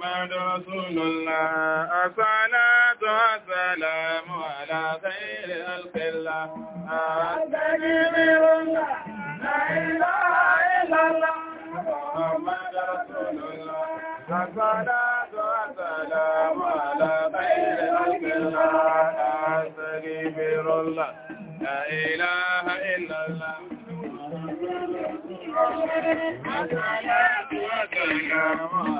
محمد رسول الله الصلاة والسلام على خير خلق الله التكبير الله لا إله إلا الله محمد رسول الله الصلاة والسلام على خير خلق الله التكبير الله لا إله إلا الله Thank you.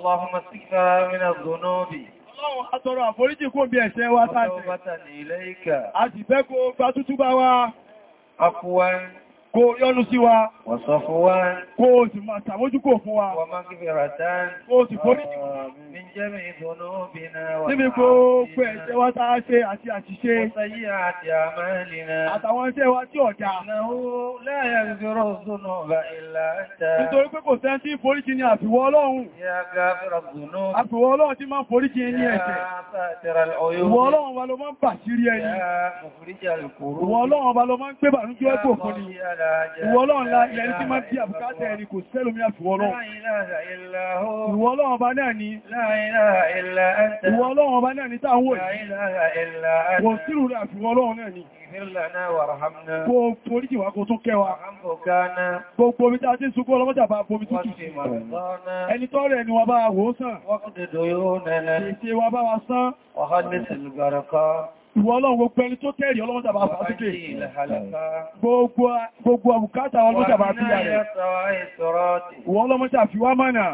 اللهم اسقنا من الذنوب Ọlọ́run àtọrọ àforíjì kó bí ẹ̀ṣẹ̀ wa tàbí. Ọjọ́ bátà ní ilé ìkà. A sì fẹ́ kó gba tútú bá wa. Akúwa. Kó yọ́nú sí wa. Wọ̀sọ̀fúnwá. Kó o sì máa tàmójúkò fún wa. Wọ́n máa kí Kó o sì yàgbẹ̀rọ̀ ọ̀dúnúbà ìlà àtà. Nítorí pé kò sẹ́ tí foríkì ní àfiwọ́ Ọlọ́run. Yàgbẹ̀rọ̀ ọ̀dúnúbà. Àfiwọ́ Ọlọ́run tí máa foríkì ní ẹ̀ṣẹ̀. Ìwọ Ọlọ́run wa ló máa ń bàṣírí ẹni. Ìwọ Ọlọ́run wa ló máa ń pé bàrújẹ́ ẹ̀kọ́ fún ni. Ìwọ Ọlọ́run la ilẹ̀ ní tí máa bí àbùkátà ẹni kò sẹ́lómi àfiwọ́ Ọlọ́run. Ìwọ Ọlọ́run bá náà ni. Ìwọ Ọlọ́run Gbogbo oríjì wa kó tún kẹwa. Gbogbo omi tàbí ṣùgbọ́n ọlọ́mọ́jà bá bomi tútù. Ẹni tọ́ rẹ̀ ni wà bá wò sàn. Ìṣe wà bá wa sán ìwọ ọlọ́run gbogbo ẹni tó tẹ́rì ọlọ́run dàbà fàásíkè gbogbo àbùkátà ọlọ́run dàbà fíyà rẹ̀ ìwọ ọlọ́run tàà fi wá mánà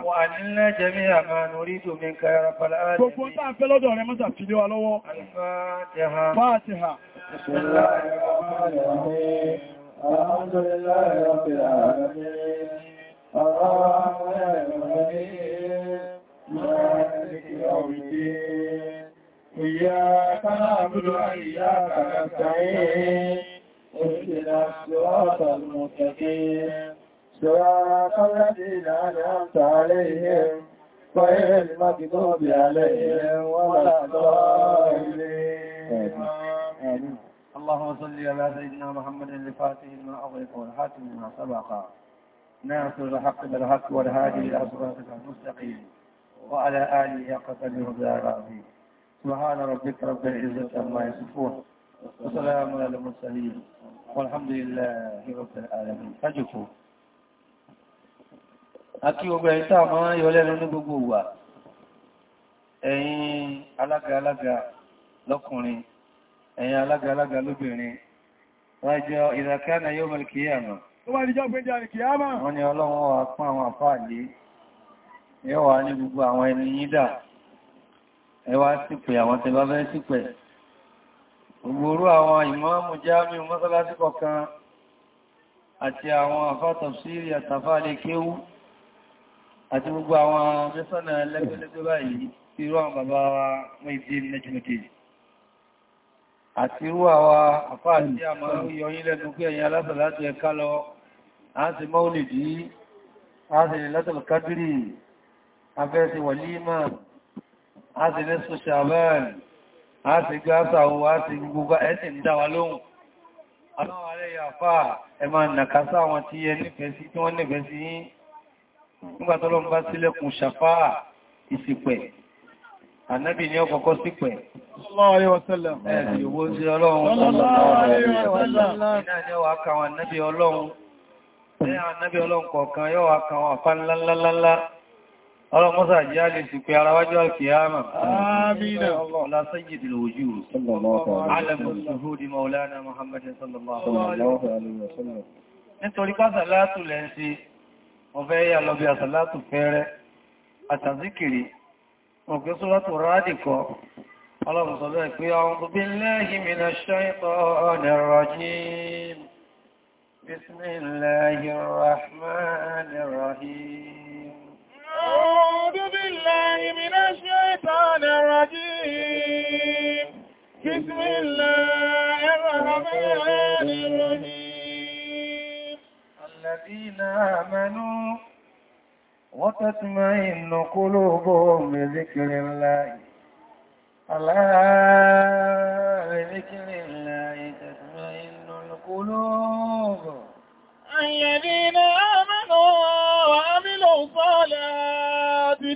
gbogbo tàà fẹ́ lọ́dọ̀ rẹ̀ mọ́sà fi lé wa lọ́wọ́ Fáàtíhà Alhamdulillah Rabbil Alamin Ar-Rahman Ar-Rahim Maliki Yawmiddin إياك نعبد وإياك نستعين اهدنا الصراط المستقيم صراط الذين أنعمت عليهم غير المغضوب عليهم ولا الضالين اللهم صل على سيدنا محمد لفاته ما أغلق والحاكم ما سبق ناصر الحق بالحق والهادي إلى صراط المستقيم وعلى آله حق قدره سبحان ربك رب العزة عما يصفون وسلام على المرسلين والحمد لله رب العالمين فجفوا Aki ogbe ita ma yo lẹ́nu ní gbogbo wa. Ẹ̀yin alága alága lọ́kùnrin, ẹ̀yin alága alága lóbìnrin. Wa Wọ́n ní Ọlọ́run ẹwà sípẹ̀ àwọn tẹ́bá fẹ́ sípẹ̀ ògbòrú àwọn ìmáàmù jáàmù mọ́sálásí kọ̀kan àti àwọn àfátọ̀ sírí àtàfà lè kéwú àti gbogbo àwọn mẹ́sànà lẹ́gbẹ̀lẹ́gbẹ̀ báyìí tí irú àwọn bàbá wa mú ìdí méjìméjì àti irú àwọn àfá àti àmà yọyí lẹ́nu pé a ti ní social man a ti gbáta owó a ti gbogbo ẹ̀sìn ní dáwà lóhun àwọn ààrẹ yàfà ẹ máa nàkásá àwọn tí ẹ nífẹ̀ẹ́ sí tí wọ́n nífẹ̀ẹ́ sí yín nígbàtọ́lọ́m bá sílẹ̀kùn ṣàfá ìsìpẹ̀ ànábì ní ọkọ̀kọ́ sípẹ̀ sallallahu alaihi wasallam ẹ̀bì owó sí ọlọ́run sallallahu alaihi wasallam ìnáà yọ́ wà kàwọn ànábì ọlọ́run kọ̀ọ̀kan yọ́ wà kàwọn àfá ńláńláńlá ọlọ́mọ́sà jẹ́ alẹ́ ti pé ara wájú alkiyama àmìnà ọlá sayyidil wujud alamu suhudi maulana muhammadin sallallahu alaihi wasallam nítorí pásà látù lẹ́nsí ọ̀fẹ́ yà lọ bí àsàlátù fẹ́rẹ́ àtàzíkiri ọ̀gbẹ́ sọ́látù أعوذ بالله من الشيطان الرجيم بسم الله الرحمن الرحيم الذين آمنوا وتطمئن قلوبهم بذكر الله ألا بذكر الله تطمئن القلوب الذين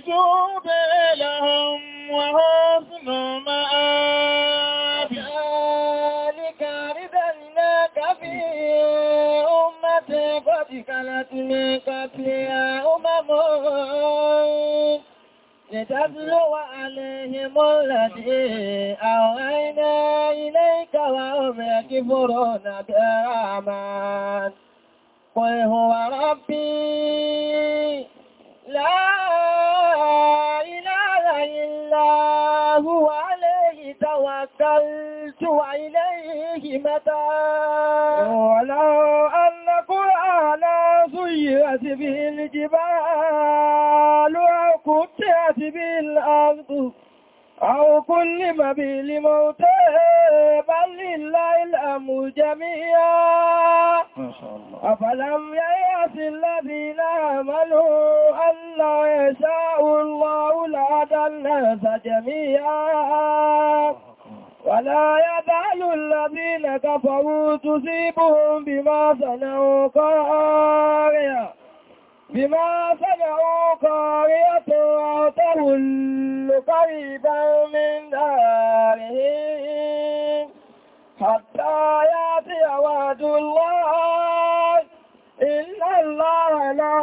توبى لهم وحسن مآب ذلك ردناك في أمة قد خلت من قبلها أمم لتبلو عليهم الذي أوعينا إليك وهم يكفرون بآمان قل هو ربي وإليه متاع ولو أن قرآنا سيئت به الجبال أو كتئت به الأرض أو كلم به لموتى بل لله الأمر جميعا أفلم ييأس الذين آمنوا أن لو يشاء الله لهدى الناس جميعا ولا يبال الذين كفروا تصيبهم بما صنعوا قارئة بما صنعوا قارئة وتهل قريبا من دارهم حتى يأتي وعد الله إن الله لا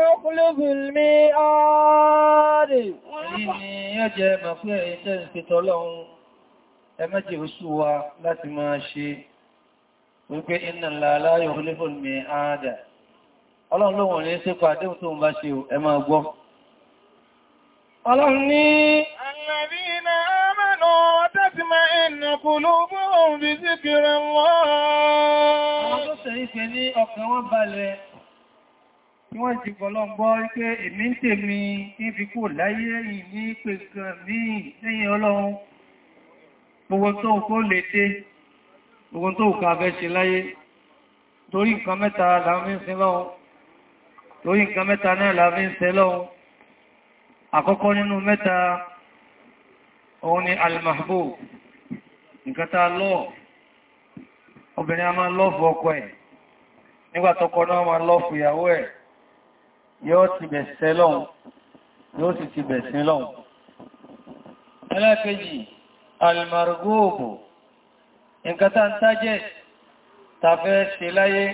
يخلف الميعاد. Èyí ni yóò jẹ mọ̀ pé èyí tẹ́ ìsìtọ́lọ́run ẹmẹ́jì oṣù wa láti máa ṣe wípé iná láàlá yóò lébò ní àádà ọlọ́run lóhun ní sí pàdé tó ń bá ṣe ẹ máa gbọ́ ọlọ́run ní alladhina amanu wa tatma'innu qulubuhum wọ́n ti gbọ́lọ́gbọ́ wípé èmi ń tèmi ń fi kú láyé yìí ní ní lẹ́yìn ọlọ́run gbogbo tó kó lè ṣe gbogbo tó kà bẹ́ ṣe láyé torí nǹkan mẹ́ta láàrin sin lọ́hun torí nǹkan mẹ́ta náà láàrin sin lọ́hun àkọ́kọ́ nínú mẹ́ta òun ni al-mahbub nǹkan tá lọ́ọ̀ obìnrin a máa lọ́ọ̀fù ọkọ ẹ̀ nígbà náà máa lọ́ọ̀fù ìyàwó ẹ̀ yóò ti bẹ̀ẹ̀ almargobu nǹkan tá ń tájẹ́ tàfẹ́ ṣe láyé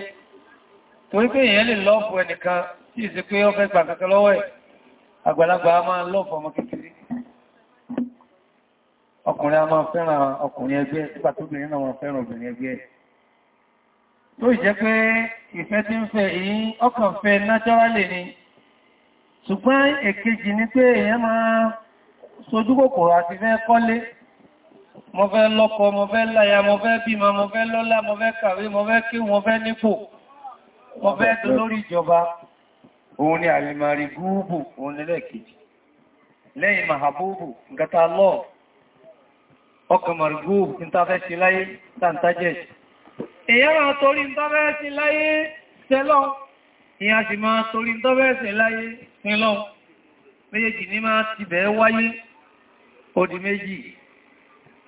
torí pé èèyàn lè lọ́ọ̀fù ẹnìkan tí ìsì pé ó fẹ́ gbà kankan lọ́wọ́ ẹ̀ àgbàlagbà a máa a máa fẹ́ràn ẹgbẹ́ sípa tó bìnrin náà wọn fẹ́ràn ẹgbẹ́ tó àti fẹ́ kọ́lé mo fẹ́ lọ́kọ mo fẹ́ láya mo fẹ́ bímọ mo fẹ́ lọ́lá mo fẹ́ kàwé mo fẹ́ kí mo fẹ́ nípò mo fẹ́ tó lórí ìjọba òun ni àlèmàrí gúúbù òun nílẹ̀ lẹ́yìn mahabubu gata lọ ta fẹ́ sí láyé tàntàjẹ́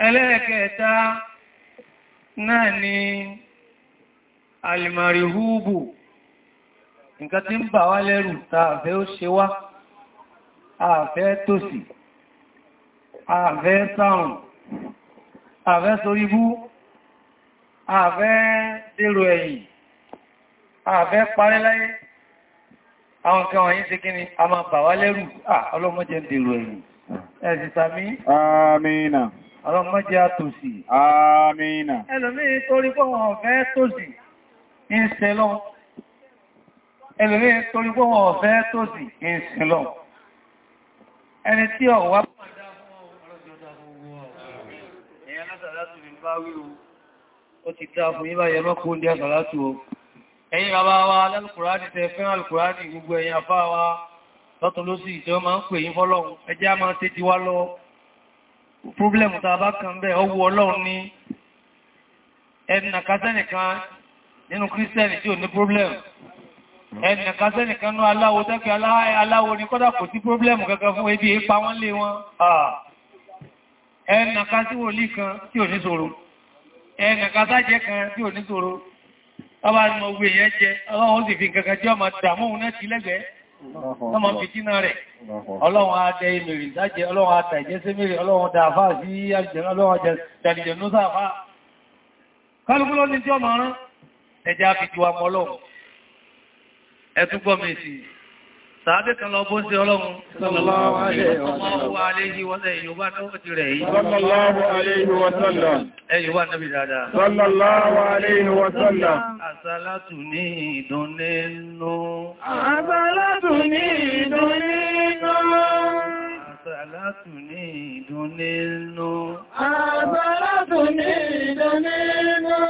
ẹlẹ́ẹ̀kẹta náà ni alìmàrìhúbù nǹkan tí ń bà wá lẹ́rù tààfẹ́ ó ṣe wá àfẹ́ tòsì àfẹ́ sáhùn àfẹ́ soríbú àfẹ́ dèrò ẹ̀yìn àfẹ́ parí láyé àwọn kan wọ̀nyí ṣe kí ni a máa bà wá lẹ́rù ọlọ́mọ́jẹ́ dèrò ẹ̀yìn ẹ̀sìsàmí àmìnà ọlọ́mọjẹ́ àtòsì àmìnà ẹlòmí torí pọ́wọ́n ọ̀fẹ́ tòsì ìsẹ̀lọ́ ẹlòmí torí pọ́wọ́n ọ̀fẹ́ tòsì ìsẹ̀lọ́ ẹni tí ọ̀wá ẹ̀yin bàbá wa lẹ́lùkùránì tẹ fẹ́ràn alùkùránì gbogbo ẹ̀yin àfáà wa lọ́tọ̀lọ́sì ìjọ máa ń pè yín fọ́lọ́run ẹjá máa tẹ́ ti wá lọ́wọ́ públẹ̀mù tàà bá kan bẹ́ ọwọ́ ọlọ́run ní ẹnìyànkásẹ́nìkan nínú kírísítẹ́nì tí ò ní públẹ̀mù ẹnìyànkásẹ́nìkan ní aláwo tẹ́kẹ́ aláwo ní kọ́dà kò sí públẹ̀mù kankan fún ebi ipa wọ́n lé wọn ẹnìyànkásíwòlí kan tí ò ní ṣòro ẹnìyànkásájẹ́ kan tí ò ní ṣòro ọba ni mo gbé yẹn jẹ ọlọ́run sì fi kankan jẹ́ ọmọ dàmóhun náà ti lẹ́gbẹ̀ẹ́ wọ́n ma fi tínà rẹ̀ ọlọ́run adẹ ìmìrì dájẹ́ ọlọ́run ata ìjẹsẹ́ mìírì ọlọ́run dàfà sí àjẹ́rẹ́ ọlọ́run jàdìjẹ̀ ló sáfà kálùkúlọ́ ní tí ọmọ rán ẹjá fi jù àmọ́ ọlọ́run ẹtúgbọ́mẹ̀sì Sàábé kan lọ bó sí ọlọ́run, sallallahu alayhi wa sallam, ẹ̀yùn bá tó ti rẹ̀ yìí. Sallallahu alayhi wa sallam. Ẹ̀yùn bá nàbí dáadáa. Sallallahu alayhi wa sallam. Àsálátù ní ìdún nínú. Àsálátù ní ìdún nínú. Àsálátù ní ìdún nínú. Àsálátù ní ìdún nínú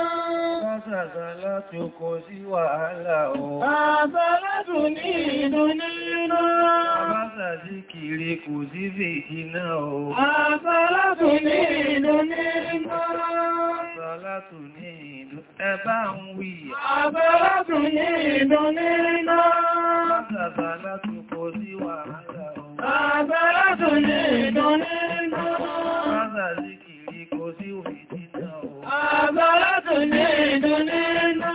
àzàlá tí ó kò sí wàhálà o. Àzàlá tún ní ìlú nínú. Àbáṣà sí kiri kò sí fèjì náà o. Àzàlá tún ní ìlú nínú. Àzàlá ní ìlú ẹbá ń wí. Àzàlá ní ìlú nínú. Àzàlá kò sí wàhálà o. Àzàlá ní ìlú nínú. agbára tó ní ìdúnlé náà.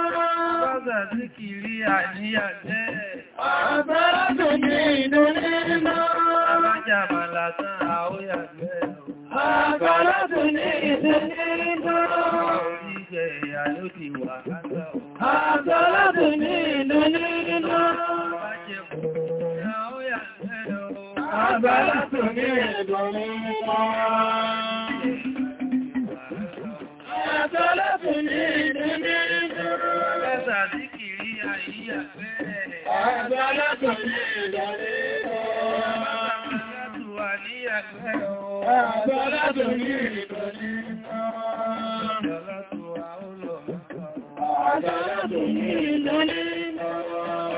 Bọ́gà sí kìrí àníyà jẹ́. Agbára tó ní ìdúnlé náà. Abájá màlá tán àóyà jẹ́. Agbára tó ní ìdúnlé náà. Oríṣẹ́ ìyà ló ti wà látọ̀. Agbára tọ́lọ́fù ní ìdíní ìdúró. Ẹ̀sà tí kìí àyíyà bẹ́ẹ̀. Àgbàlọ́fù ní ìdàrí Àgbàlọ́fù ní ìdàrí Àgbàlọ́fù ní ìdàrí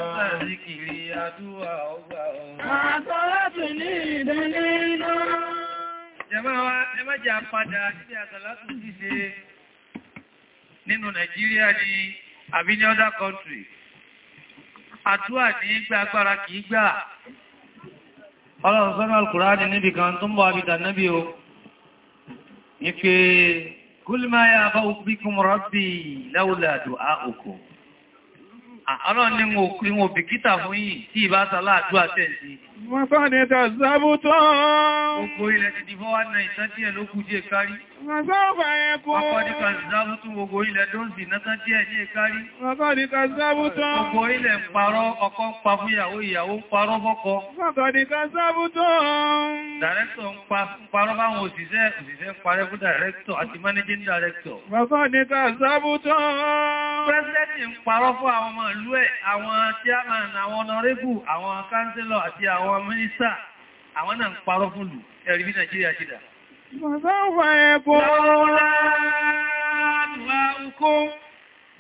Ẹ̀sà tí kìí àdúwà ọgbà ọ̀rọ̀. Àgbàlọ́fù ní ìdàrí náà. Jẹ́mọ́ wa, ẹ má jẹ́ àpadà sí àgbàlọ́fù ṣíṣe nínú Nàìjíríà ni àbí ní other country àdúà ní gbà agbára kìí gbà ọlọ́run sọ́nà Al-Kùránì níbi kan tó ń bọ̀ àbìdà náàbí o ní pé kúlùmáyà bá òkú bí kúmọ̀rọ̀ bí láúlà du'a'ukum Ọlọ́run ní mo kí wọn bìkítà fún yìí tí ìbá sàlá àdúrà tẹ̀sí. Wọ́n sáàdé tàzábú tán. Gbogbo ilẹ̀ ti dìbọ́ wá náà ìtàn díẹ̀ ló kú díẹ̀ kárí. Wọ́n sáàbà ẹkùn. Ọkọ̀dí tán. Gbogbo ilẹ̀ ń parọ́, ọkọ pa fún ìyàwó, parọ́ fọ́kọ ìlú ẹ̀ àwọn chairman àwọn ọ̀nàrẹ́bù àwọn kánsílọ̀ àti àwọn mínísà àwọn náà ń parọ́ fún lù ẹ̀rí bí Nàìjíríà ti dà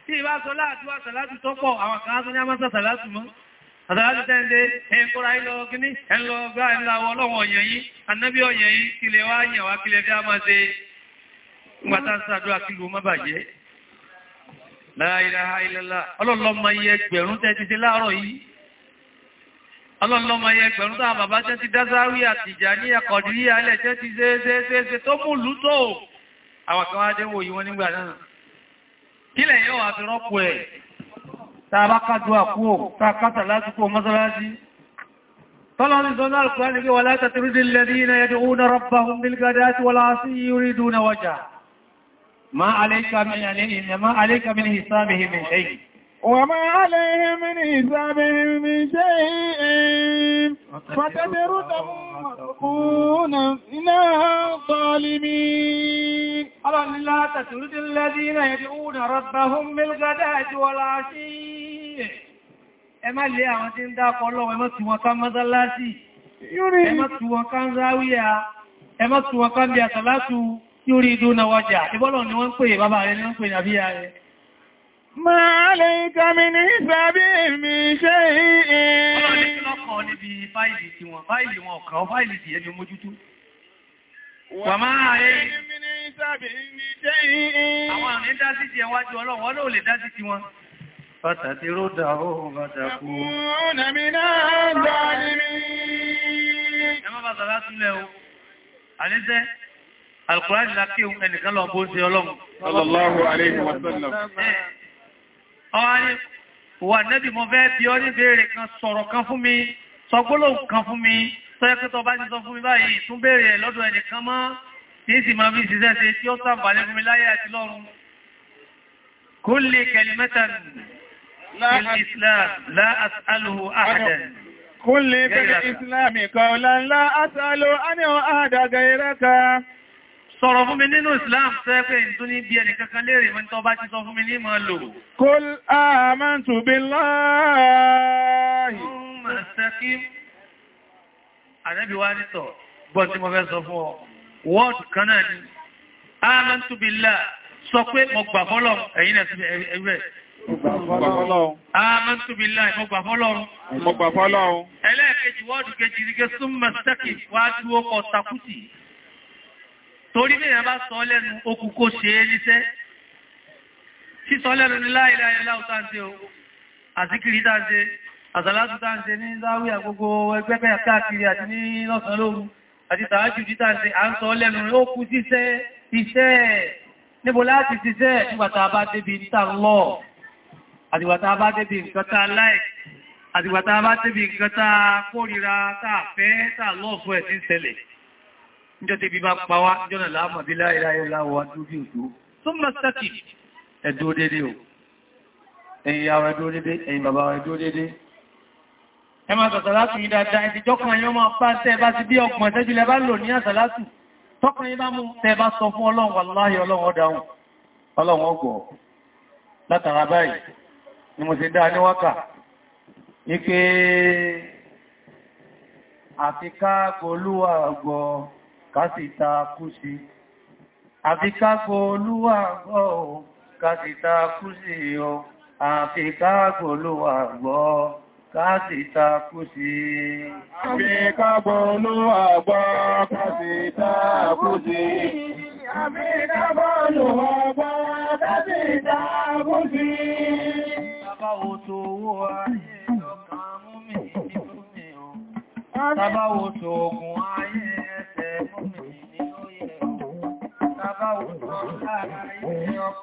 Tí ìbá sọ láti wá sàlátù tọ́pọ̀ àwọn kan á tó ní a máa sàlátù mọ́. Àtàlátù tẹ́ndé, ẹ̀kọ́ra ilọ̀ ọgíní, ẹ̀lọ ọgbá ẹ̀láwọ̀ ọlọ́wọ̀ ọ̀yẹ̀ yìí, annábí ọ̀yẹ̀ yìí, kí lè wá yẹ̀wà kí lè fi á máa ṣe La ilaha illallah ọlọ́lọ́mọ iye ẹgbẹ̀rún tẹ́ ti ti láàárọ̀ yìí ọlọ́lọ́mọ iye ẹgbẹ̀rún tàà bàbá tẹ́ ti dásáwí àtìjà ní ẹkọ̀dìrí alẹ́ tẹ́ ti ṣeéṣeéṣe tó mú lú tó àwọn kan adéwò yìí wọ́n nígbà náà kílẹ̀ yóò wà fi rọ́pù ẹ̀ tàbá kájú àkúò من زمان ولا تترد يريدون وجهه ما عليك من عليهم ما عليك من حسابهم من شيء وما عليهم من حسابهم من شيء فتدرهم مرقونا إنها ظالمين ألا لا تسرد الذين يدعون ربهم بالغداة والعشي ẹmá lé àwọn tí ń dákọ̀ lọ́wọ́ ẹmọ́ tí wọ́n ká mọ́sálásí ẹmọ́ tí wọ́n ká ń záwíyà ẹmọ́ tí wọ́n ká ń bí àtàlátù yórí idú na wájà ìbọ́lọ̀ ni wọ́n ń pè bàbá rẹ̀ ni wọ́n ń pè nàbí rẹ̀ máa lè kàmì ní ìsàbí mi ṣe ìhìn ọlọ́rin lọ́kọ̀ọ́ níbi fáìlì tí wọ́n fáìlì wọn ọ̀kan fáìlì tí ẹni mójútó wà túnlẹ̀ o àníṣẹ́ Alkùránì láti ẹnìkan lọ bó ṣe ọlọ́run. Sallallahu alayhi wa sallam. Ọwá ní, wà nẹ́bì mọ́ fẹ́ bí ọ ní béèrè kan sọ̀rọ̀ kan fún mi, sọgbólóhùn kan fún mi, sọ́yẹ́kẹ́tọ̀ bá ti sọ fún mi báyìí, tún béèrè ẹ̀ lọ́dọ̀ ẹnìkan mọ́, tí sì máa bí ṣiṣẹ́ ṣe tí ó sàǹfààní fún mi láyé àti lọ́run. Kulli kalimatan fil Islam la as'aluhu ahadan. Kulli kalimatan fil Islam qawlan la as'alu anhu ahadan ghayraka sọ̀rọ̀ fún mi nínú Islam tẹ́ pé ìtún ní bí ẹnìkankan léèrè mọ́ tó bá ti sọ fún mi ní máa lò. Kul amantu billahi. Ànábì wá nítọ̀, gbọ́n tí mo fẹ́ sọ fún ọ. Wọ́ọ̀dù kan náà ni, amantu billahi, sọ pé mo gbà fọ́lọ̀ ẹ̀yìn ẹ̀rẹ́. Amantu billahi, mo gbà fọ́lọ̀. Mo gbà fọ́lọ̀ torí bí ìyàn bá sọ lẹ́nu okùn kó ṣe é níṣẹ́ tí sọ lẹ́nu ní láìláì láùtáǹsẹ́ o àzíkìrí táǹsẹ́ àsàlátù táǹsẹ́ ní záwí àgbogbo ẹgbẹ́gbẹ́ káàkiri àti ní lọ́sàn lóru àti tààjù títàǹsẹ́ à ń sọ lẹ́nu ó kú síṣẹ́ iṣẹ́ níbo láti ṣiṣẹ́ nígbàtà bá débi níta lọ àdìgbàtà bá débi nǹkan tá láì níjọ́ tẹ́bí bá pa wá jọ́nà láàmàbí láìláìláwọ̀ àdúrí òjò tó mọ́ sẹ́kì ẹ̀dó dédé o ẹ̀yìn àwọn ẹ̀dó dédé ẹ̀yìn bàbá ẹ̀dó dédé ẹ máa sọ̀tọ̀ látù yí dáadáa ẹ̀dì jọ́kàn yọ́ máa pá tẹ́ bá ti bí ọgbọ̀n tẹ́jú lẹ bá lò ní àsàlátù tọ́kàn yí bá mú tẹ́ bá sọ fún ọlọ́run wàláhì ọlọ́run ọdáhùn ọlọ́run ọgbọ̀ látara báyìí ni mo ti dá ní wákà ní pé àfikà gbolúwà gbọ́ kásìta kú sí àfi kágbò olúwà gbọ́ o kásìta kú sí o àfi kágbò olúwà gbọ́ kásìta kú sí àfi kágbò olúwà gbọ́ kásìta kú sí àfi kágbò olúwà gbọ́ kásìta kú sí Bàbá wo tó owó ayé lọ́kàn mú mi ní fún mi o. Bàbá wo tó ogun ayé.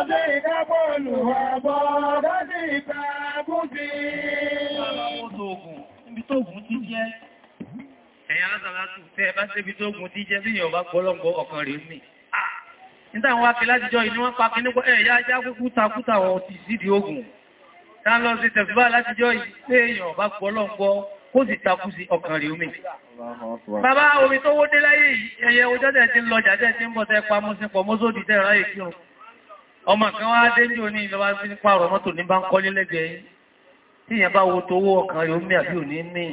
Ọmọdé ìdábọ̀lù ọ̀bọ̀ ọ̀dọ́dé ìtààbùn sí. àwọn afẹ́ láti jọ ìní wọ́n pa kí nípa ẹ̀yà ajá kúkú takúta wọn ti sídi ogun. Ta lọ sí tẹ̀síbá láti jọ ìpé èèyàn bá gbọ́lọ́gbọ́ kó sì takú sí ọkàn rí omi. Bàbá omi tó wó dé láyé ẹ̀yẹ ojọ́dẹ̀ ti ń lọ jàdẹ̀ ọmọ kan wá déjò ní ìjọba sí ní pààrọ̀ mọ́tò ní bá ń kọ́lé lẹ́gbẹ̀ẹ́ tí ìyẹn bá wo tó owó ọkàn rẹ̀ omi àbí òní mí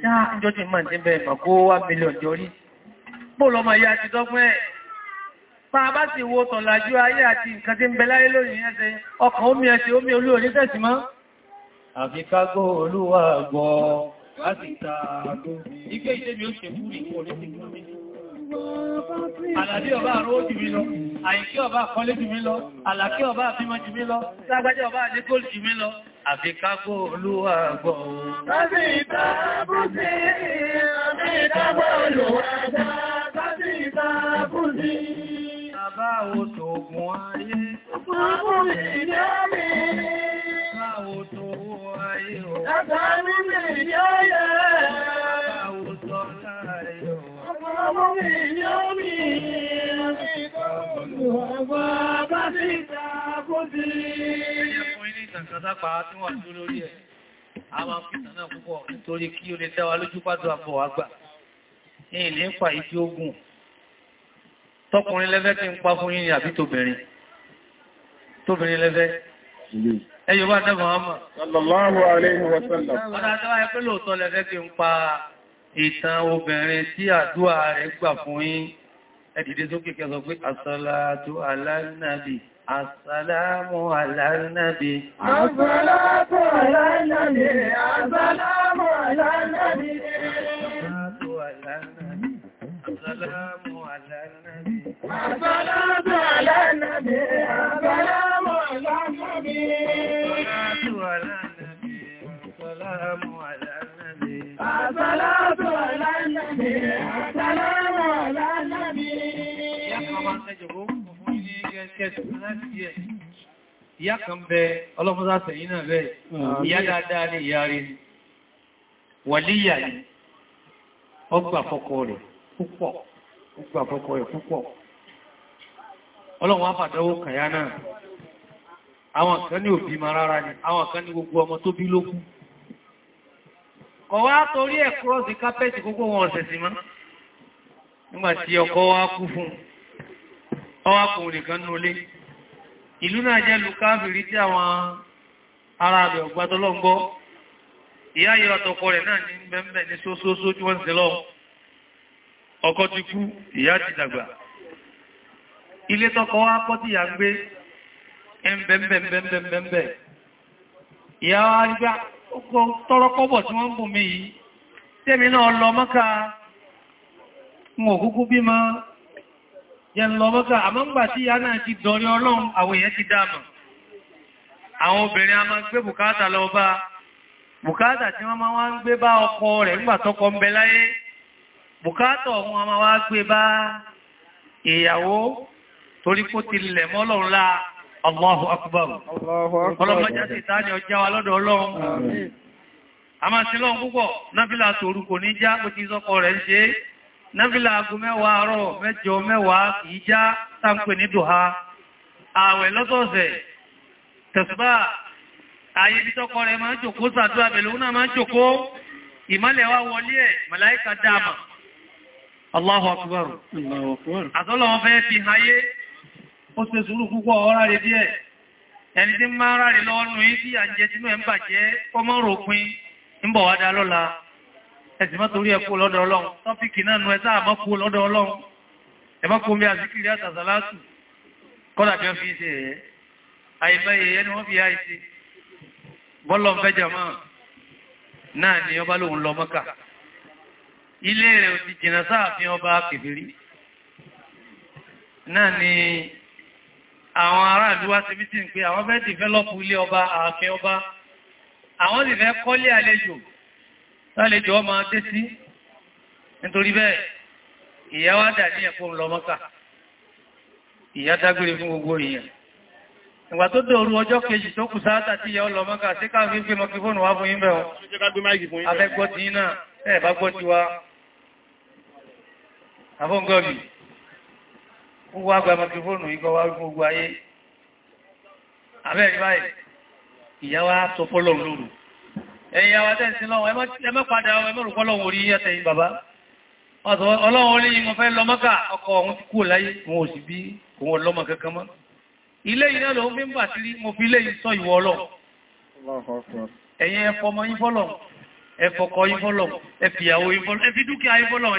ṣáà ń jọ́jú ìmọ̀ ní bẹ̀rẹ̀ mọ̀ kó wá mílíọ̀n jọrí bóòlù ọmọ ìyá ti dọ́gbọ́n ẹ̀ pa bá sì wo tọ̀làjú ayé àti nǹkan tí ń bẹ láyé ìgbé ìdébí ó ṣe fúrì kò ní ti gbọ́ Àlàdé ọba àrùn ó jù mí lọ, àìkí ọba àkọlé jù mí lọ, àlàkí ọba àfimọ́ jù mí lọ, lágbájá ọba àdékòlù jù mí lọ, àfi kágbó olúwa gbọ́. Tọ́sí ìta búsí, àbí ìtagbó olúwa gbọ́, tọ́sí ìta Àwọn akìtàn náà púpọ̀ nítorí kí o lè dáwà lójú pàdó àpò àgbà ní ilé ń pa ìdí ogun. Tọkùnrin lẹ́fẹ́ kí ń pa fún yínyìn àbí tóbìnrin. Tóbìnrin lẹ́fẹ́. Ẹyọ bá dẹ́bọn ọmọ. Sallallahu alaihi wasallam. Ọdá ìtàn obìnrin tí àdúà rẹ̀ gbà fún yín ẹ̀dìdé sókè kẹsọ pé àsàlátù alánàbì àsàlámù alánàbì àsàlátù alánàbì àsàlámù alánàbì àsàlátù alánàbì àsàlámù alánàbì àsàlátù alánàbì àsàlámù alánàbì àsàlátù alánàbì àsàlámù alánàbì kẹsàn-án láti yẹ ìyá kan bẹ ọlọ́mọdá sẹ̀yìn náà bẹ́ẹ̀ ìyá dáadáa ní ìyá rí ni wàlíyà ni ọgbà fọ́kọ rẹ̀ púpọ̀ ọgbà fọ́kọ rẹ̀ púpọ̀ ọlọ́run àfàdánwò kàyá náà àwọn kan ní òbí ma rárá ni àwọn kan ní gbogbo ọmọ tó bí lókú kọ̀wá torí ẹ̀ ọwá kò nìkan nólé ìlú náà jẹ́ lù káàfìrí tí àwọn ará rẹ̀ ọ̀gbádọ́lọ́gbọ́ ìyá yẹ ọ̀tọ̀kọ rẹ̀ náà ní bẹ́ẹ̀bẹ̀ ní sósósó tí wọ́n ti lọ ọkọ ti kú ìyá ti dàgbà ilé tọ́kọ wá pọ́ tí ìyá gbé ẹ̀mbẹ̀mbẹ̀mbẹ̀mbẹ̀mbẹ̀ ìyá wá rí gbá ọkọ̀ tọ́rọkọ́bọ̀ tí wọ́n ń bù mí yìí tẹ́mi náà lọ mọ́ka wọn òkúkú bí máa jẹ́ ń lọ mọ́ká àmọ́ngbà tí ìyá náà ti dọ̀rí ọlọ́run àwọn èèyàn ti dáàmà àwọn obìnrin a máa gbé bùkátà lọ bá bùkátà tí wọ́n máa ń gbé bá ọkọ rẹ̀ nígbà tọ́kọ ń bẹ láyé bùkátà ọ̀hún a máa wá gbé bá ìyàwó torí kó ti lẹ̀ mọ́lọ́run lá Allahu akbar ọlọ́mọjá sí ìtajà ọjá wa lọ́dọ̀ ọlọ́run a máa sí lọ́run púpọ̀ nábílà tòru kò ní náfílà agun mẹ́wàá àárọ̀ mẹ́jọ mẹ́wàá kìí já sáńpẹ̀ ní dùhá ààwẹ̀ lọ́sọ̀ọ̀sẹ̀ tẹ̀sùbá ayé rẹ̀ máa ń jòkó sàdúrà pẹ̀lú náà máa ń jòkó ìmọ́lẹ̀ wá wọlé ẹ̀ màláíkà dáàmà Allahu ẹ̀sì má torí ẹkú lọ́dọ̀ ọlọ́run tọ́pìkì náà nù ẹ̀sá àmọ́kú lọ́dọ̀ ọlọ́run ẹmọ́kú mi àzíkìrí àtàzàlátù kọ́dà jẹ́ fi ṣe ẹ̀ àìbáyé ẹni wọ́n fi yá bọ́lọ̀ fẹ́jà máa náà ni ọba lóun lọ mọ́kà ilé rẹ̀ ò ti jìnà sáàfin ọba kèfèrí náà ni àwọn aráàlú wá ti bísí pé àwọn fẹ́ dìfẹ́lọ́pù ilé ọba ààfin ọba àwọn sì kọ́lé àlejò tálejò ọmọ adé sí nítorí bẹ́ẹ̀ ìyá wá dà ní ẹ̀kọ́ lọ mọ́kà ìyá dágbére fún gbogbo èèyàn ìgbà tó dòru ọjọ́ kejì tó kù sáátà tí ìyá ọlọ mọ́kà sí káàkiri gbé mọ́kí fóònù wá fún yín bẹ̀rọ abẹ́gbọ́ ti yín náà ẹ̀ bá gbọ́ ti wá afọ́ngọ́bì gbogbo àgbà mọ́kí fóònù ikọ̀ wá gbogbo ẹ̀yìn àwọn tẹ́sí lọ́wọ́ ẹmọ́ padà ẹmọ́ rùpọ́ lọ́wọ́ orí ẹ̀tẹ̀yìn bàbá ọlọ́wọ́ orí mo fẹ́ lọ Mọ́kà ọkọ̀ òun ti kú láyé wọn ò sì bí òun lọ́mọ kankan mọ́ ilé iná ló ń fi ń bà sí rí mo fi ilé ìsọ ìwọ ọlọ́ ẹ̀yìn ẹfọ ọmọ ìfọ́lọ̀ ẹfọkọ ìfọ́lọ̀ ẹfìyàwó ìfọ́lọ̀ ẹfi dúkìá ìfọ́lọ̀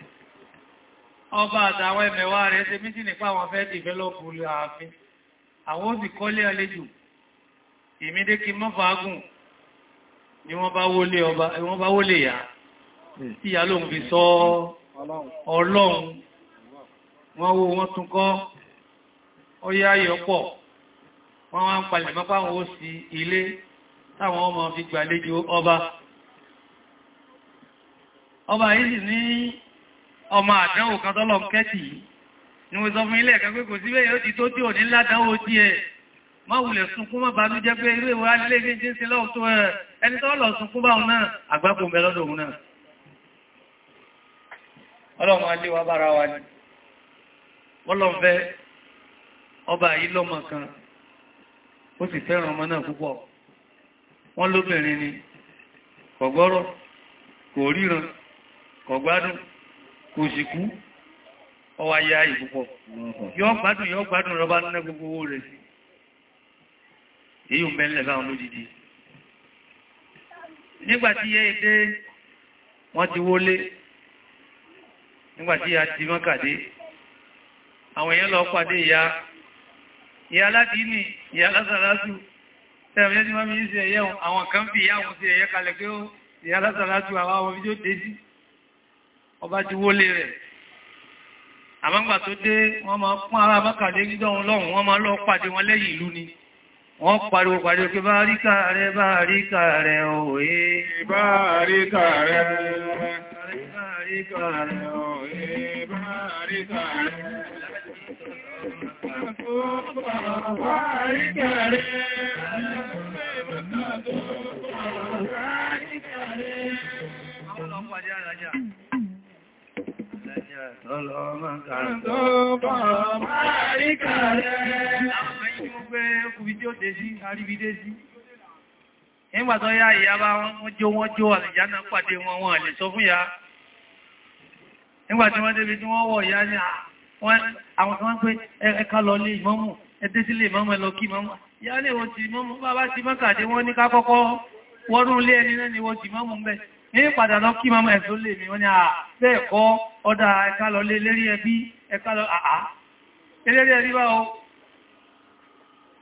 ọba àtàwọn ẹmẹ̀wà rẹ̀ ṣe mítí nípa àwọn fẹ́ dìvẹ́lọ́pù ààfin àwọn ó sì kọ́lé àlejò ìmídékí mọ́fàágùn ni wọ́n bá wólé yà hmm. tí ìyá lóhun fi sọ ọlọ́run wọ́n wó wọ́n tún kọ́ ó yá yọpọ̀ wọ́n wá ń palẹ̀ mọ́pá wọn ó sí ilé táwọn ọmọ fi gbàlejò ọba ọba yìí sì ní ọmọ àdánwò kan tọ́lọ̀ ń kẹ́tì yìí ni mo sọ fún ilé ẹ̀kẹ́ pé kò sí bẹ́ẹ̀ yóò ti tó tí ò ní ládánwò tí ẹ̀ má wulẹ̀ sunkún má banú jẹ́ pé irú ìwà ilé ní ti ń se lọ́wọ́ tó ẹ̀ ẹni tó lọ sunkún báhùn náà àgbákò mẹ́ òun náà ọlọ́run ajé wa bára wa ni ọlọ́fẹ́ ọba yìí lọ́mọ kan ó sì fẹ́ràn ọmọ náà púpọ̀ wọ́n lóbìnrin ni kò kò ríran kò kò sì kú ọwà ya ìpùpọ̀ yóò gbádùn yóò gbádùn rọba nínú gbogbo owó rẹ̀ èyí ò mẹ́lẹ̀ láwọn lójìdí nígbàtí yẹ́ èdè wọ́n ti wọlé nígbàtí ya ti mọ́kàdé àwọn èèyàn lọ pàdé ìyá ìyá láti ní ìyá lásàlásù tẹ́rẹ̀ yẹ́ ti mọ́ mi ní sí ẹ̀yẹ́ àwọn kan fi ìyá àwọn sí ẹ̀yẹ́ kalẹ̀ pé ó ìyá lásàlásù àwọn ọmọ fíjó dé ọba ti wólé rẹ̀ àmọ́gbà tó dé wọ́n máa fún ara bákàdé gbígbọ́n lọ́rùn wọ́n máa lọ pàdé wọn lẹ́yìn ìlú ni wọ́n pariwo pàdé òkè bá ríkà rẹ̀ bá ríkà rẹ̀ òye bá ríkà rẹ̀ bá ríkà rẹ̀ òye bá Àwọn ọlọ́pàá jẹ́ àrájá ọlọ́mọ kan tó bọ̀ máa rí kààrẹ àwọn ẹ̀yìn mú pé kùbí tí ó tẹ́ sí àríbídé sí nígbà tó yá ìyá bá wọ́n jó wọ́n jó àlìjá náà pàdé wọn wọn lè sọ fún ya nígbà tí wọ́n débi tí wọ́n wọ̀ ìyá ní àwọn kan pé ẹka lọ lé ìmọ́mù ẹdẹ́ sílé ìmọ́mù ẹlọ kí ìmọ́mù ìyá lè wọ́n ti mọ́mù bàbá ti mọ́kàdé wọ́n ní ká kọ́kọ́ wọ́rún lé ẹni náà ni wọ́n ti mọ́mù ń bẹ̀ ní padà lọ kí ìmọ́mù ẹ̀sọ́ lè mi wọ́n ni à bẹ́ẹ̀ kọ́ ọdá ẹ̀ká lọ lé lérí ẹbí ẹ̀ká lọ àá lérí ẹbí bá o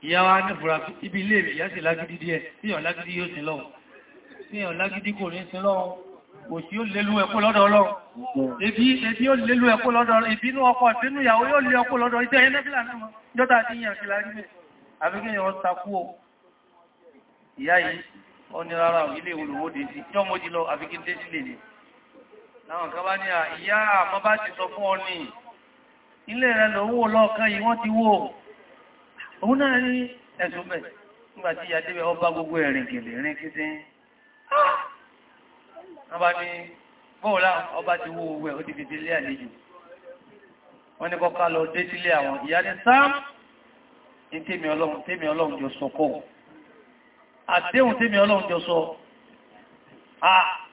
ìyáwá ní fúra ibi ilé rẹ̀ yá sí lágídí díẹ̀ tíyàn lágídí yóò sí lọ́wọ́ tíyàn lágídí kò ní sí lọ́wọ́ kò sí ó lélú ẹkú lọ́dọ̀ ọlọ́run ebi ebi ó lélú ẹkú lọ́dọ̀ ìbínú ọkọ ìbínú ìyàwó yóò lé ọkú lọ́dọ̀ ìjẹ́ ẹnẹ́bílà náà jọ́ta àti ìyàn sí lágídí àfikẹ́yàn ọ̀sàkú o ìyá yìí ó ní rárá ilé olùwó dé sí jọ́mọ́dí lọ àfikẹ́ dé sílé ni láwọn kan bá ní à ìyá àmọ́ bá ti sọ fún ọ ní ilé rẹ̀ lówó lọ́ọ̀kan yìí wọ́n ti wó òun náà rí ẹ̀sùn bẹ̀ nígbàtí ìyá débẹ̀ ọba gbogbo ẹ̀rìn gẹ̀lẹ̀ rìn kéde wọ́n bá ní bọ́ọ̀lá ọba ti wó owó ẹ̀ ó ti fi sílé àlejò wọ́n ní kọ́kọ́ lọ dé sílé àwọn ìyá ní ọlọ́run jọ sọ kọ́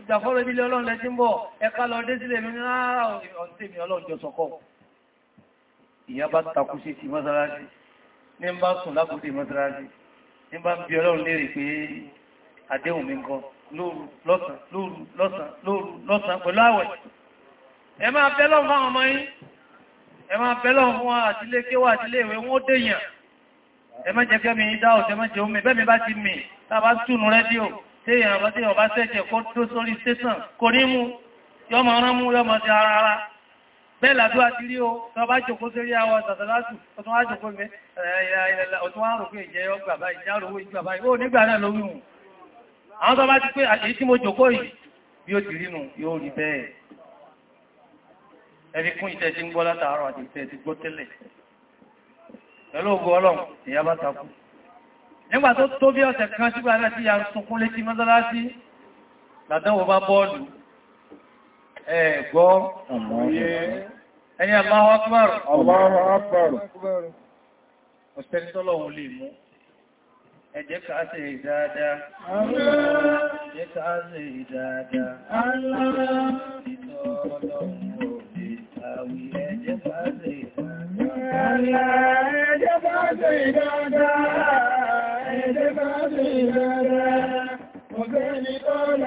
ìgbàfọ́rọ̀ ibi ọlọ́run lẹ́tí ń bọ̀ ẹka lọ dé sílẹ̀ mi náà ọ̀tẹ́ mi ọlọ́run jọ sọ̀kọ́ ìyá bá takú sí ti mọ́sálásí ní bá sùn lábúdé mọ́sálásí ní bá ń bi ọlọ́run léèrè pé àdéhùn mi nǹkan lóru lọ́sàn lóru lọ́sàn lóru lọ́sàn pẹ̀lú àwẹ̀ ẹ máa bẹ́ lọ́run fáwọn ọmọ yín ẹ máa bẹ́ lọ́run fún àtílé kéwà àtílé ìwé wọn ó dèèyàn ẹ má jẹ́ kẹ́mi dá ọ̀tẹ́ má jẹ́ omi bẹ́ẹ̀ mi bá ti mì tá a bá túnú rẹ́díò téèyàn bá téèyàn bá sẹ́jẹ̀ kó tó sórí tẹ́sàn kò ní mú yọ ma rán mú yọ ma ti ara ara bẹ́ẹ̀ làdó àti rí o tó bá jòkó sí rí àwọn sàtàlátù ọdún wá jòkó mẹ́ ọdún wá rò pé ìjẹ́ ọgbà báyìí já rò ìgbà báyìí ó nígbà náà lórí hùn àwọn tó bá nígbà tó tó bí ọ̀sẹ̀ kan sígbà náà tí a sunkún létí mọ́sálásí làdánwò bá bọ́ọ̀lù ẹ̀gbọ́ ẹni Allahu Akbar Allahu Akbar ọ̀sẹ̀nitọ́lọ̀hun lè mú ẹjẹ́ ká ṣe ṣe ìdáadáa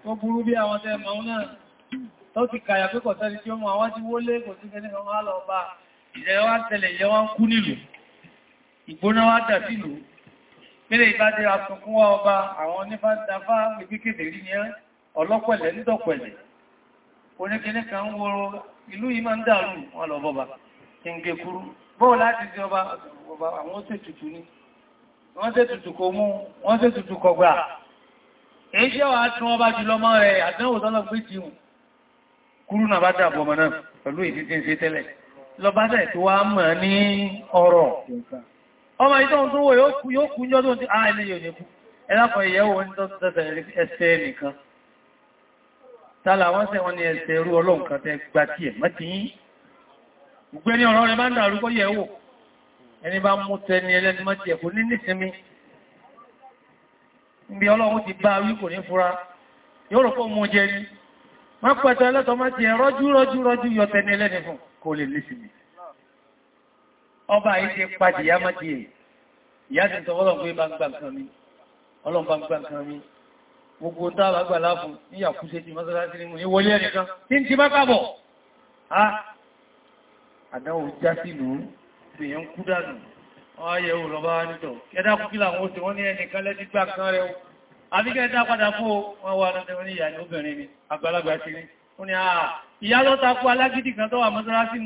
Tó burú bí àwọn tẹ́ mọ̀ náà, tó ti kàyà pé kọ̀ tẹ́lì tí ó mọ̀ àwọn tí wó lé kò tí kẹ́ nígbà wọ́n lọ bá ìjẹ́ wá tẹ́lẹ̀ ìjẹ́ wọ́n kú nílùú, ìgbóná wá dà sílùú, Mílé ìbádé asunkún wá ọba àwọn onífàdáfá ìbíkèdè rí ní ọlọ́pẹ̀lẹ̀ nídọ̀pẹ̀lẹ̀. Oníkẹ́ní kan ń wọ́rọ ìlú yìí máa ń dàrú wọn lọ bọ́ba, kí ń gẹ kúrú. Bọ́ọ̀ láti di ọba àwọn ó tètùtù ní. Wọ́n tètùtù kò mú, wọ́n tètùtù kọgbà. Èyí ṣẹ́ wà á tún ọba jùlọ mọ́ rẹ̀ àdánwò tọ́lọ pé ti hùn. Kúrú náà bá dàbọ̀ ọmọ náà pẹ̀lú ìdí tí ń ṣe tẹ́lẹ̀. Lọ bá dẹ̀ tó wá ọmọ ìtọ́ tó wọ yóò kú jọ tó ti a ilé yóò ah, ní kú ẹlápọ̀ ìyẹ́wò ní tó tẹ́tẹ̀ ẹsẹ̀ nìkan tààlà wọ́n sẹ wọ́n ni ẹsẹ̀ ẹrú ọlọ́run kan tẹ́ gba tí ẹ̀ mẹ́tí yí gbé ní ọ̀rọ̀ rẹ̀ bá ń dàrú kọ́ yẹ̀wò ẹni bá mú tẹni ẹlẹ́ni mọ́tí ẹ̀kú ní nísinmi ibi ọlọ́run ti bá wí kò ní fura yóò rò pọ̀ mú jẹ ní má pẹ̀tọ̀ ẹlẹ́tọ̀ mọ́tí ẹ̀ rọ́jú rọ́jú rọ́jú ọba yìí ti padì yá má dìé ìyá ti sọ ọlọ́run pé bá ń gbà nǹkan mi ọlọ́run bá ń gbà nǹkan mi gbogbo tá a bá gbà ni mo ní wọlé ẹnìkan tí ń ti bá kàbọ̀ á àdáwò já sí lù ú èèyàn kú dànù wọ́n yẹ ò lọ́bá nítọ̀ ẹ̀dá kú kí làwọn oṣù wọ́n ní ẹnìkan lẹ́tí gbà kan rẹ̀ o àbíkẹ́ ẹ̀dá padà fún o wà náà tẹ́wọ́n ní ìyà obìnrin ni àgbàlagbà ti rí ó ní àà ìyá lọ́ta kú alágídì kan tó wà mọ́sálásí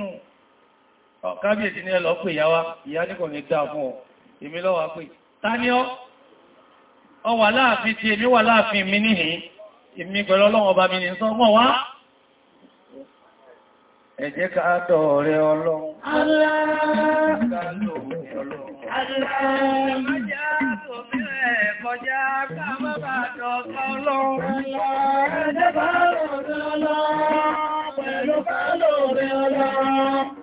kábíyèsí ní ẹlọ pè yáwá ìyá níkò ní dáa fún ọ èmi lọ́wà pé ta ni ọ́ ọ wà láàfin tí èmi wà láàfin mi níhìn èmi pẹ̀lú ọlọ́run mi ní sọ mọ́ wá ẹ ká dọ̀ rẹ ọlọ́run Kọjá ká mọ́ bàtọ̀ ọlọ́run lọ, ẹjẹ́ bá rọ̀ rẹ̀ ọlọ́run pẹ̀lú ká lò rẹ̀ ọlọ́run.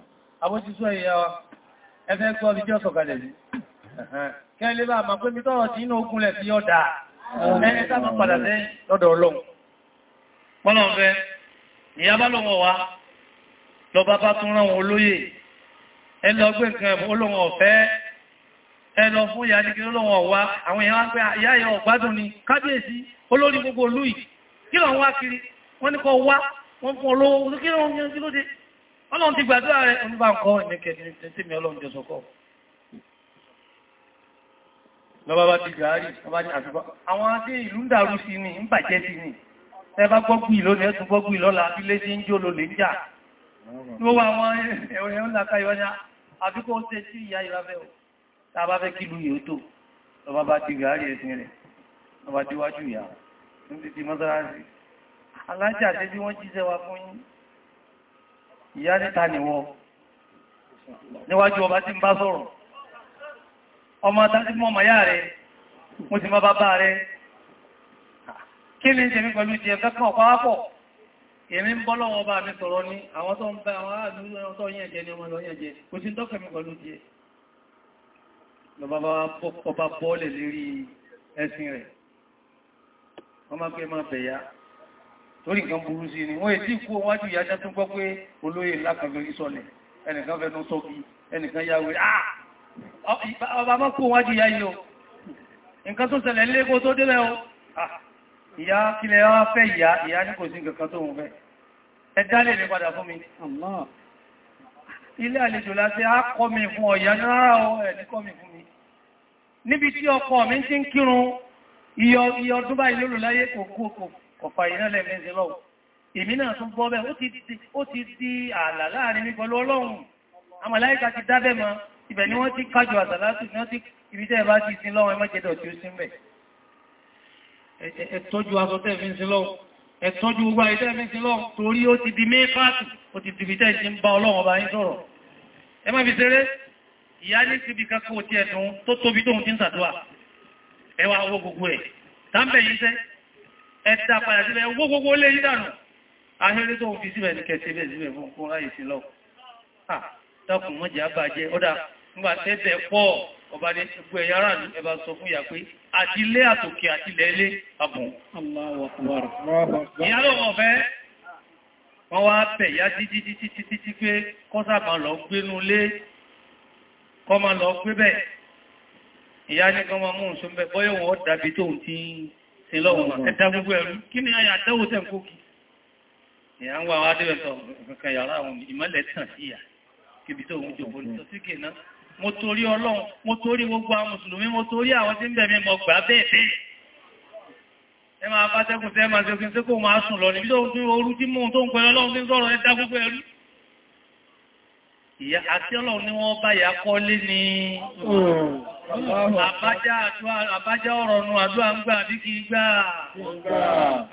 àbóṣíṣọ́ ìyá wa ẹfẹ́ gbọ́ bí jọ́ sọ̀kalẹ̀ ní kẹ́lẹ́ bá ma pé mi tọ́rọ tí inú okúnlẹ̀ sí ọ̀dà ẹni tá máa padà sí lọ́dọ̀ ọlọ́run pọ́nà ọ̀fẹ́ ìyá bá lọ́wọ́ wa lọba bá tún rán wọn olóyè ẹ lọ gbé nǹkan ẹ̀fún olóhun ọ̀fẹ́ ẹ lọ fún ìyá ní kí olóhun ọ̀wá àwọn èèyàn wá pé ìyá ìyá ọ̀gbádùn ni kábíyèsí olórí gbogbo olú yìí kí lọ wá kiri wọ́n ní kọ wá wọ́n fún olówó kí lọ wọ́n yẹn ọlọ́run ti gbàdúrà rẹ̀ ń bá ń kọ́ ìmẹ́kẹ̀ tí mi ọlọ́run jọ sọ́kọ́ lọ́bá bá ti gàárì ọba ní àwọn adé ìlú dàrú sí ni ń bàjẹ́ sí ni ẹ bá gbọ́gbì lónìí ẹ̀tún gbọ́gbì lọ́la abílé sí ń jó ló lè ń jà lọ́wọ́ àwọn ẹ̀rẹ̀ ń laka ìwọ́nyá àbíkọ́ ṣe sí ìyá ìrafẹ́ ò tàbá fẹ́ kí lu yóò tó lọ́bá bá ti gàárì ẹ̀sìn rẹ̀ lọ́bá ti wájú ìyá ń ti ti mọ́sálásí wọ́n jíṣẹ́ wa fún yín ìyá níta nìwọ níwájú ọba tí ń bá sọ̀rọ̀ ọmọ tàbí mọ́ ọmọ yá rẹ̀ mo ti máa bá bá rẹ̀ kí ni ṣe mi pẹ̀lú ti ẹ̀fẹ́ kan ọ̀páwápọ̀ èmi ń bọ́ lọ́wọ́ bá mi sọ̀rọ̀ ní àwọn tó ń bá àwọn àdúgbò tó yẹn jẹ ni ọmọ torí nǹkan burú sí ni wọ́n èdí ikú wájú ìyájá tó gbọ́ pé olóyè lákàgbẹ̀rí sọlẹ̀ ẹnìkan fẹ́nu sọ́bí ẹnìkan yáwé ah! ọba mọ́ kó wájú ìyá yìí o nǹkan tó ṣẹlẹ̀ lẹ́gbó tó délẹ̀ o ah! ìyá kílẹ̀ wá fẹ́ ìyá ìyá ní kò sí nǹkan mi padà fún mi ilé àlejò láti á kọ́ mi fún ọ̀yá rárá o ẹ̀ ní kọ́ mi fún mi níbi tí ọkọ mi ti ń kírun ìyọ̀dún báyìí lóòrùn láyé kò kú ọ̀fà ìrẹ́lẹ̀ mẹ́sìn lọ́wọ́ èmi náà tún gbọ́ bẹ́ẹ̀ ó ti di ààlà láàrin mi pẹ̀lú ọlọ́run àmàláìka ti dábẹ́ mọ́ ibẹ̀ ni wọ́n ti kájọ àtàlátù ní wọ́n ti ibi tẹ́ bá ti sin lọ́wọ́ ẹmọ́jẹ́dọ̀ tí ó sí mẹ́ ẹ̀tọ́jú aṣọ tẹ́ fi ń sin lọ́wọ́ ẹ̀tọ́jú gbogbo ayé tẹ́ fi ń sin lọ́wọ́ torí ó ti di mẹ́fàtì ó ti dìbì tẹ́ ti ń bá ọlọ́run ọba owó gbogbo ẹ̀ táǹbẹ̀ yín sẹ́ ẹ̀dà padà sílẹ̀ owó gbogbo lé ìdànù ahẹ́rẹ́ tó fi síbẹ̀ ní kẹsẹ̀ bẹ̀ síbẹ̀ fún fún ráyè sí lọ dákùn mọ́ jà bàjẹ́ ọ́dá nígbà tẹ́tẹ̀ pọ̀ ọba ní gbogbo ẹ̀yà ara ní ẹba sọ fún ìyà pé àtìlé àtòkè àtìlẹ̀ ilé àbùn wọ́n wá pẹ̀ yá títí títí títí tí pé kọ́sàbà lọ gbénú lé kọ́ ma lọ gbé bẹ̀ ìyá ní kan ma mú ìṣúnbẹ̀ bọ́yọ̀ wọ́n dàbí tóun tí sí lọ́wọ́ náà ẹ̀dá gbogbo ẹ̀rú kí ni àyà àtẹ́wò tẹ́ kókì ìyà ń wà wá débẹ̀ sọ kankan yàrá àwọn ìmọ́lẹ̀ tàn síyà kìbí tó ń jòbó lọ síkè náà mo torí ọlọ́run mo torí gbogbo àwọn mùsùlùmí mo torí àwọn tí ń bẹ̀mí mọ̀ gbà bẹ́ẹ̀ bẹ́ẹ̀ ẹ máa bá tẹ́kùn tẹ́ máa ṣe òkín tí kò máa sùn lọ níbi tó ń tún ìyá àti ọlọ́run ni wọ́n bá yà kọ́lé ni hmm. Àbájá ọ̀rọ̀ nù àdúrà ń gbà bí kí gbà.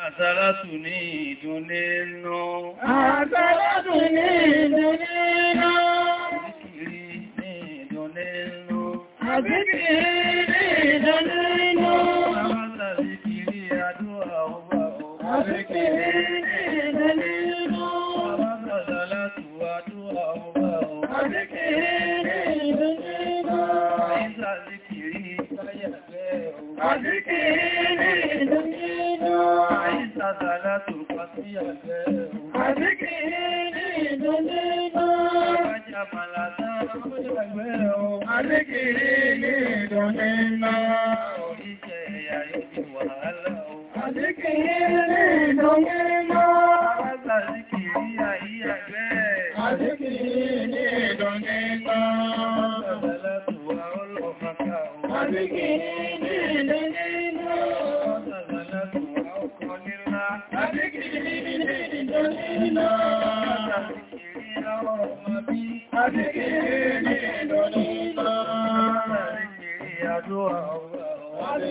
Àsàrátù ní ìdúnlé nù. Àsàrátù ní ìdúnlé nù. Àzíkìrí ní ìdúnlé nù. Àzíkìrí ní ìdúnlé nù. Àzíkìrí àdúrà ọba látòkọ sí àgbẹ̀ ẹ̀rùn. Àbíkì ní ìlú nígbà. Àbájá màlá sáà fún ìgbẹ̀ ẹ̀rùn. ní ìlú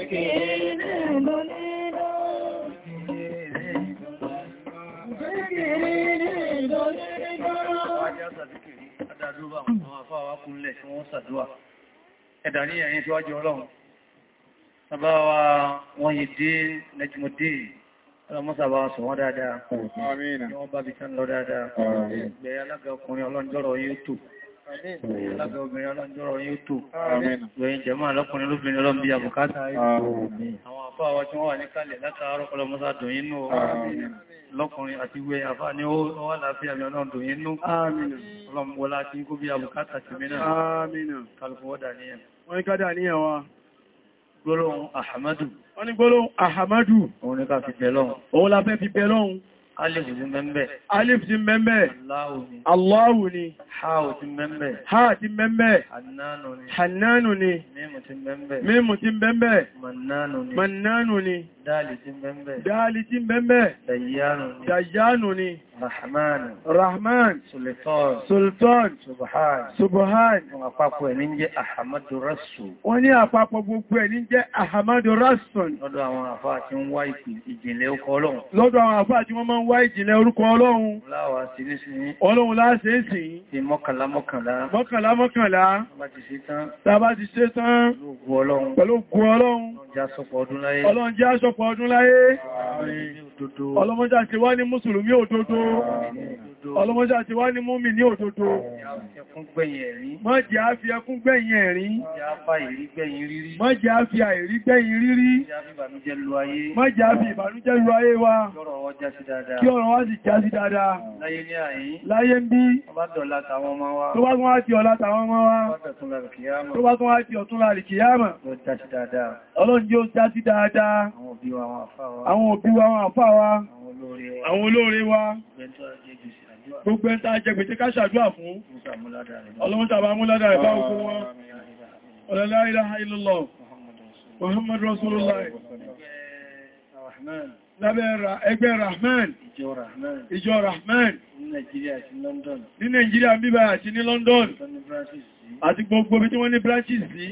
Ẹ̀dàrí ẹ̀yìn tí wájú ọlọ́run. Bàbá wa wọ́n yìí dé lẹ́jùmọ̀ dé ọlọ́mọ́sàbá sọ wọ́n dáadáa. Àmín. Wọ́n bá bí kán lọ dáadáa. Àmín. Gbẹ̀yà alága ọkùnrin ọlọ́njọ́rọ̀ yóò tó. Lábẹ́ obìnrin ọlọ́njọ́rọ̀ yóò tó. Lọ́yìn jẹ́ máa lọ́kùnrin lóbìnrin ọlọ́m bí àbùkátà ayé. Àwọn àpá àwọn tí wọ́n wà ní kalẹ̀ látàárọ̀ ọlọ́mọ́sá dùn inú lọ́kùnrin àti wẹ́ àfá ní ó wà láàáfíà mi ọlọ́run dùn inú. Ọlọ́mọ́lá ti kó bí àbùkátà ti mìíràn. Kálùkù wọ́dà ní ẹ̀. Wọ́n ní kádà ní ẹ̀wà. Gbólóhùn Àhàmádù. Wọ́n ní gbólóhùn Àhàmádù. Òun ni ká fi bẹ̀ Alif ti mẹ́mẹ́. Alif ti Allahu ni. Háà ti mẹ́mẹ́. Háà ti mẹ́mẹ́. Hannanu ni. Hannanu ni. Mímù ti mẹ́mẹ́. Mímù ni. Mannanu ni. Dáàlì ti mẹ́mẹ́. Dáàlì ni. Dayyanu ni. Rahmanu. Rahman. Sultan. Sultan. Subhan. Subhan. Wọ́n àpapọ̀ ẹ̀ ní jẹ́ Ahamadu Rasul. Wọ́n ní àpapọ̀ gbogbo ẹ̀ ní jẹ́ Ahamadu Rasul. Lọ́dọ̀ àwọn àfáà tí wọ́n wá ìpìlẹ̀ ìjìnlẹ̀ ọkọ̀ ọlọ́run wá ìjìnlẹ̀ orúkọ Ọlọ́run Ọlọ́run láṣẹ ìsìn ní mọ́kànlá mọ́kànlá mọ́kànlá mọ́kànlá tàbá ti ṣe tán pẹ̀lú ògùn Ọlọ́run Ọlọ́run jẹ́ àṣọpọ̀ ọdún láyé ọlọ́mọjá ti wá ní mùsùlùmí òdodo ọlọ́mọjá ti wá ní múmi ní òdodo má jẹ́ á fi ẹkún gbẹ̀yìn ẹ̀rín má jẹ́ á fi àìrí gbẹ̀yìn rírí má jẹ́ á fi ìbànújẹ́ lu ayé wa kí ọ̀rọ̀ wá sì já sí dáadáa láyé ń bí tó bá tún wá ti ọ̀lá tàwọn ọmọ wa tó bá tún wá ti ọ̀túnlá àlìkìyàmà ọlọ́njẹ́ ó já sí dáadáa òbí wa àwọn àfá wa àwọn olóore wa gbogbo ẹta jẹgbẹ̀tí ká ṣàdúrà fún ọlọ́mọ́ta bá múládà ẹ̀bá ogun wọn ọ̀lọ́lá ilaha illallah Muhammad Rasulullah lábẹ́ ẹgbẹ́ Rahman ìjọ Rahman ní Nàìjíríà àti ní London àti gbogbo bí tí wọ́n ní branches sí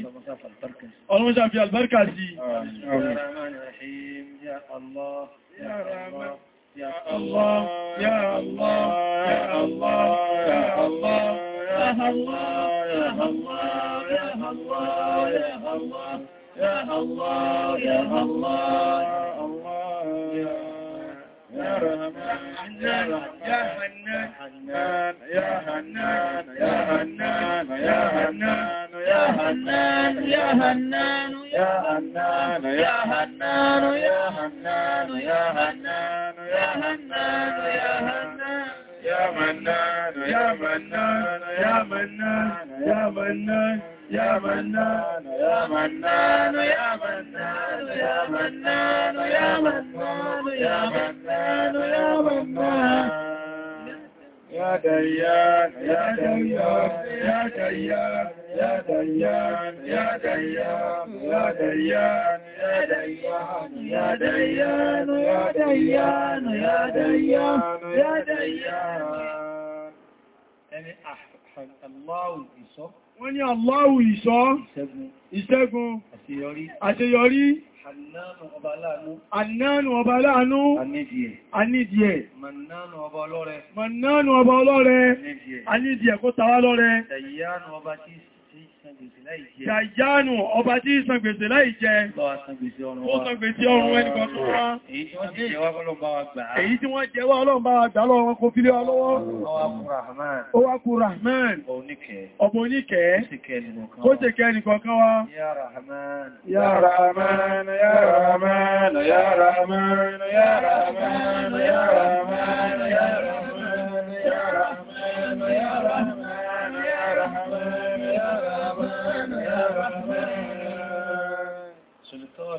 ọlọ́run ṣàfi albarka sí Ya Allah Ya Allah Ya Allah Ya Allah Ya Allah Ya Allah Ya Allah Ya Allah Ya Allah Ya Allah Ya Allah Ya Allah يا منان يا منان يا منان يا منان يا منان يا منان يا منان يا منان يا منان يا منان يا منان يا ديان يا ديان يا ديان يا ديان يا ديان يا ديان يا ديان يا ديان يا ديان يا ديان يا ديان يعني أحسن الله يصب wọ́n ní Allahu ìṣọ́ ìṣẹ́gun àṣeyọrí Annánu ọba aláàánú anídìẹ̀. Mannánu ọba ọlọ́rẹ. Mannánu ọba ọlọ́rẹ anídìẹ̀ kó tàwá lọ́rẹ. Tẹ̀yánu ọba tí Jàjánù ọba tí ìsan gbèsè láì jẹ, ó san gbèsè ọrùn ẹni kan tó wá. Èyí tí wọ́n jẹ wá ọlọ́run bá wa gbà lọ́wọ́ kò fi lé wa lọ́wọ́. Ó wá kú Rahman, ọmọ oníkẹ́, ó sì kẹ́ ẹni kọ̀ọ̀kan wá. Ya Rahman, ya Rahman, ya Rahman, ya Rahman, ya Rahman, ya Rahman, ya Rahman, ya Rahman.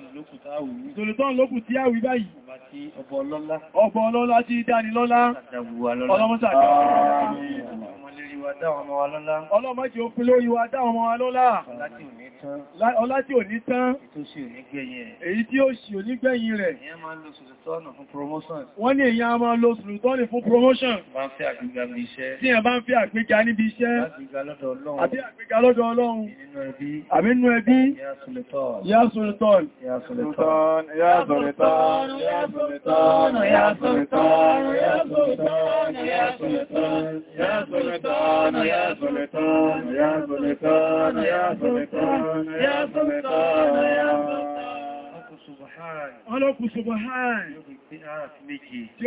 ṣètọ́n lókù tí a wí báyìí ọgbọ̀ ọlọ́lá tí dáni lọ́lá ọlọ́mọ́ tí ó pín lórí wa ọmọ wa ọlá tí ò ní tán èyí tí ó sì ò ní gbẹ̀yìn rẹ̀ wọ́n ní èyí a máa lo sùlùtọ́nì fún promotion tí ẹ bá ń fi àgbéga níbi iṣẹ́ àti àgbéga lọ́dọ̀ ọlọ́run àbí ẹbí yá sùlùtọ́n yá sùlùtọ́n yá sùlùtọ́n سلطان يا سلطان يا سلطان يا سلطان يا سلطان يا سلطان يا سلطان يا سلطان يا سلطان يا Ọlọ́kù Ṣubahán tí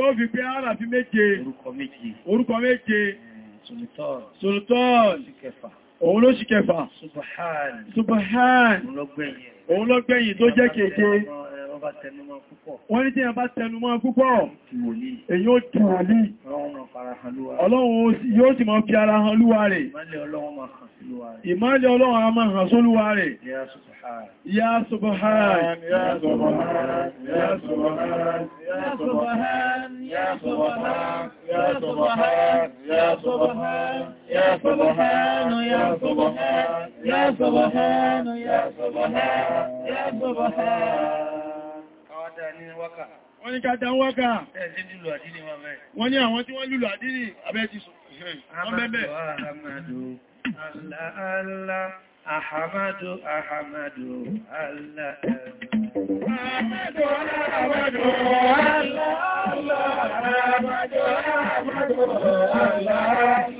ó fi pé ara fi méje, orúkọ méje, hmm, Sultan, òun ló ṣì kẹfà, Ṣubahán, òun ló gbẹ̀yìn tó jẹ́ kéje bá tẹnumọ́ púpọ̀. Wọ́n ní tí a bá tẹnumọ́ púpọ̀. Èyí ó ti wà ní. Ọlọ́run yóò sì máa fi ara hàn lúwa rẹ̀. Ìmọ́lẹ̀ Ọlọ́run a máa hàn sólúwa rẹ̀. Ya Subhan, Ya Subhan, Ya Subhan, Ya Subhan, Ya Subhan, Ya Subhan, Ya Subhan, Ya Subhan, Ya Subhan, Ya Subhan, Ya Subhan, Ya Subhan. Wọ́n ní ká dá wákà. Wọ́n ní àwọn tí wọ́n lùlù àdínì abẹ́ ti sùn. Allah Allah Ahamadu Ahamadu Allah Allah Allah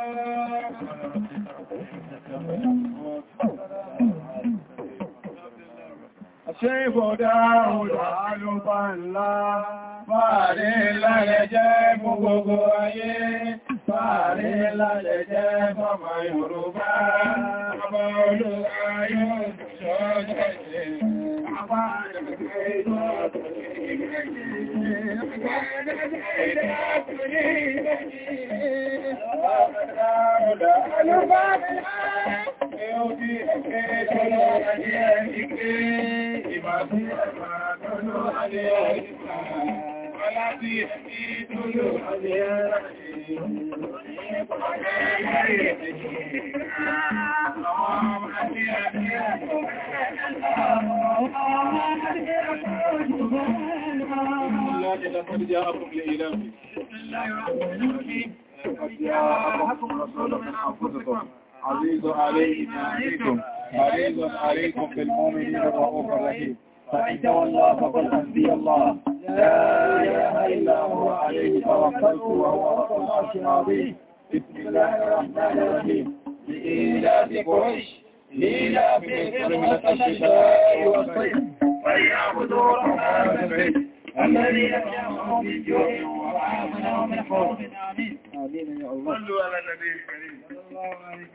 ṣe ìbọ̀dá ọ̀dá ló bá ńlá fààrí lálẹ́ jẹ́ gbogbo ayé fààrí lálẹ́ jẹ́ bàbá Yorùbá bàbá olúwa yóò ṣọ́jọ́ ìṣẹ́ àwọn àjẹ́ ìjọ́ Thank you. لقد جاءكم لإله بسم الله الرحمن الرحيم لقد جاءكم رسول من أنفسكم عزيز علينا عليكم عزيز عليكم بالمؤمنين الرؤوف الرحيم فإن تولى فقل أنبي الله لا إله إلا هو عليه توكلت وهو رب العرش العظيم بسم الله الرحمن الرحيم لإيلاف قريش لإيلافهم الشتاء والصيف فليعبدوا الرحمن الرحيم الذي يمنعهم من جوع وعافنا من حرم آمين آمين يا الله صلوا على النبي الكريم صلى الله عليه وسلم